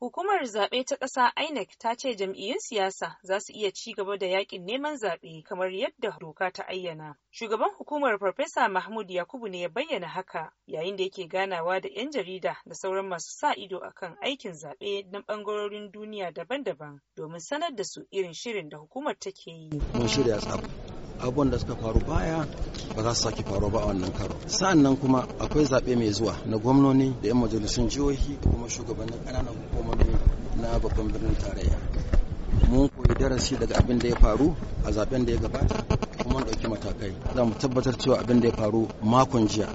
Hukumar zaɓe ta ƙasa INEC ta ce jam'iyyun siyasa za su iya ci gaba da yaƙin neman zaɓe kamar yadda doka ta ayyana. Shugaban hukumar Farfesa Mahmud Yakubu ne ya bayyana haka yayin da yake ganawa da 'yan jarida da sauran masu sa ido akan aikin zaɓe na ɓangarorin duniya daban-daban domin sanar da su irin shirin da hukumar take yi. Mun shirya abubuwan da suka faru baya ba za su sake faru ba a wannan karo sa'an nan kuma akwai zaɓe mai zuwa na gwamnoni da 'yan majalisun jihohi da kuma shugabannin ƙananan hukumomi na babban birnin tarayya mun koyi darasi daga abin da ya faru a zaɓen da ya gabata kuma ɗauki matakai za mu tabbatar cewa abin da ya faru makon jiya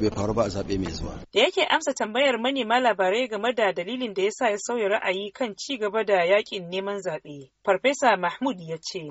bai faru ba a zaɓe mai zuwa. Da yake amsa tambayar manema labarai game da dalilin da ya sa ya sauya ra'ayi kan ci gaba da yakin neman zaɓe. Farfesa Mahmud ya ce.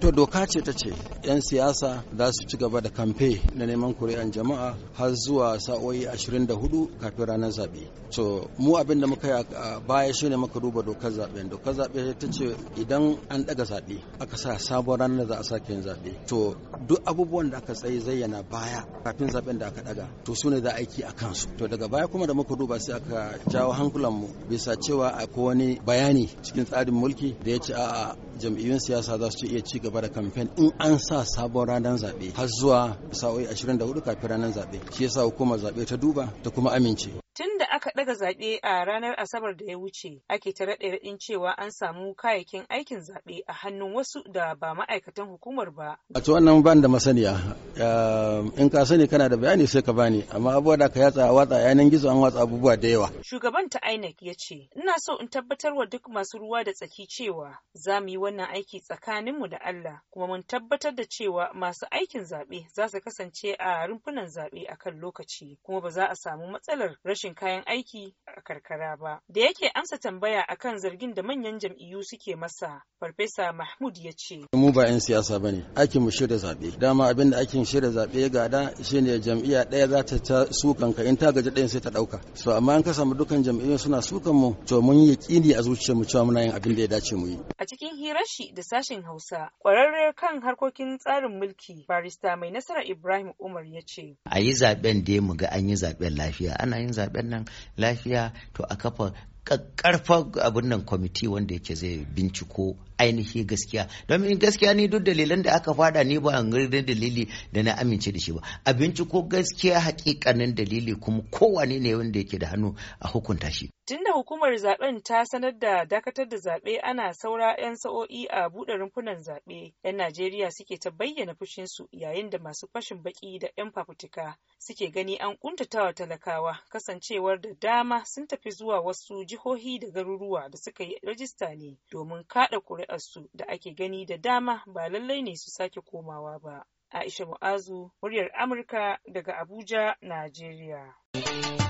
to doka ce ta ce 'yan siyasa za su ci gaba da kamfe na neman kuri'an jama'a har zuwa sa'o'i 24 kafin ranar zaɓe. to mu abin da muka a baya shi ne muka duba dokar zaɓe. Dokar zaɓe ta ce idan an ɗaga zaɓe aka sa sabon ranar da za a sake yin zaɓe. To duk abubuwan da aka tsaye zayyana baya kafin zaɓen da aka daga to su ne za aiki a kansu. To daga baya kuma da muka duba sai aka jawo hankulan mu bisa cewa akwai wani bayani cikin tsarin mulki da ya ce a'a jam'iyyun siyasa za su iya ci gaba da kamfen in an sa sabon ranar zaɓe har zuwa sa'o'i 24 kafin ranar zaɓe shi yasa hukumar zaɓe ta duba ta kuma amince tun da aka daga zaɓe a ranar asabar da ya wuce ake ta raɗe raɗin cewa an samu kayayyakin aikin zaɓe a hannun wasu da ba ma'aikatan hukumar ba. a to wannan ban da masaniya ehm, in ka sani kana da bayani sai ka bani amma abubuwa da ka yatsa watsa yanan gizo an watsa abubuwa da yawa. shugaban ta inec ya ce ina so in tabbatar wa duk masu ruwa da tsaki cewa za mu yi wannan aiki tsakaninmu da allah kuma mun tabbatar da cewa masu aikin zaɓe za su kasance a rumfunan zaɓe a kan lokaci kuma ba za a samu matsalar rashin farashin kayan aiki a karkara ba. Da yake amsa tambaya akan zargin da manyan jam'iyyu suke masa, Farfesa Mahmud ya ce. Mu ba 'yan siyasa ba ne, aikin mu shirya zaɓe. Dama abin da aikin shirya zaɓe da shi ne jam'iyya ɗaya za ta ta sukan ka in ta gaji ɗayan sai ta ɗauka. So amma an ka samu dukkan jam'iyyun suna sukan mu, to mun yi yaƙini a zuciyarmu cewa muna yin abin da ya dace mu yi. a cikin hirar shi da sashen Hausa. Kwararre kan harkokin tsarin mulki barista mai nasara Ibrahim Umar ya ce. A yi zaben dai mu ga an yi zaben lafiya ana yin zaben nan lafiya to a kafa karfa abin nan kwamiti wanda yake zai binciko ainihi gaskiya domin gaskiya ni duk dalilan da aka fada ni ba an girdin dalili da na amince da shi ba a binciko gaskiya hakikanin dalili kuma kowane ne wanda yake da hannu a hukunta shi Tunda hukumar zaben ta sanar da dakatar da zaɓe ana saura 'yan sa'o'i a buɗe rumfunan zaɓe, 'yan Najeriya suke ta bayyana fushinsu yayin da masu fashin baƙi da 'yan fafutuka suke gani an kuntatawa talakawa kasancewar da dama sun tafi zuwa wasu jihohi da garuruwa da suka yi rajista ne domin kaɗa ƙuri'arsu da ake gani da dama ba lallai ne su sake komawa ba. Aisha Mu'azu, muryar Amurka daga Abuja, Najeriya.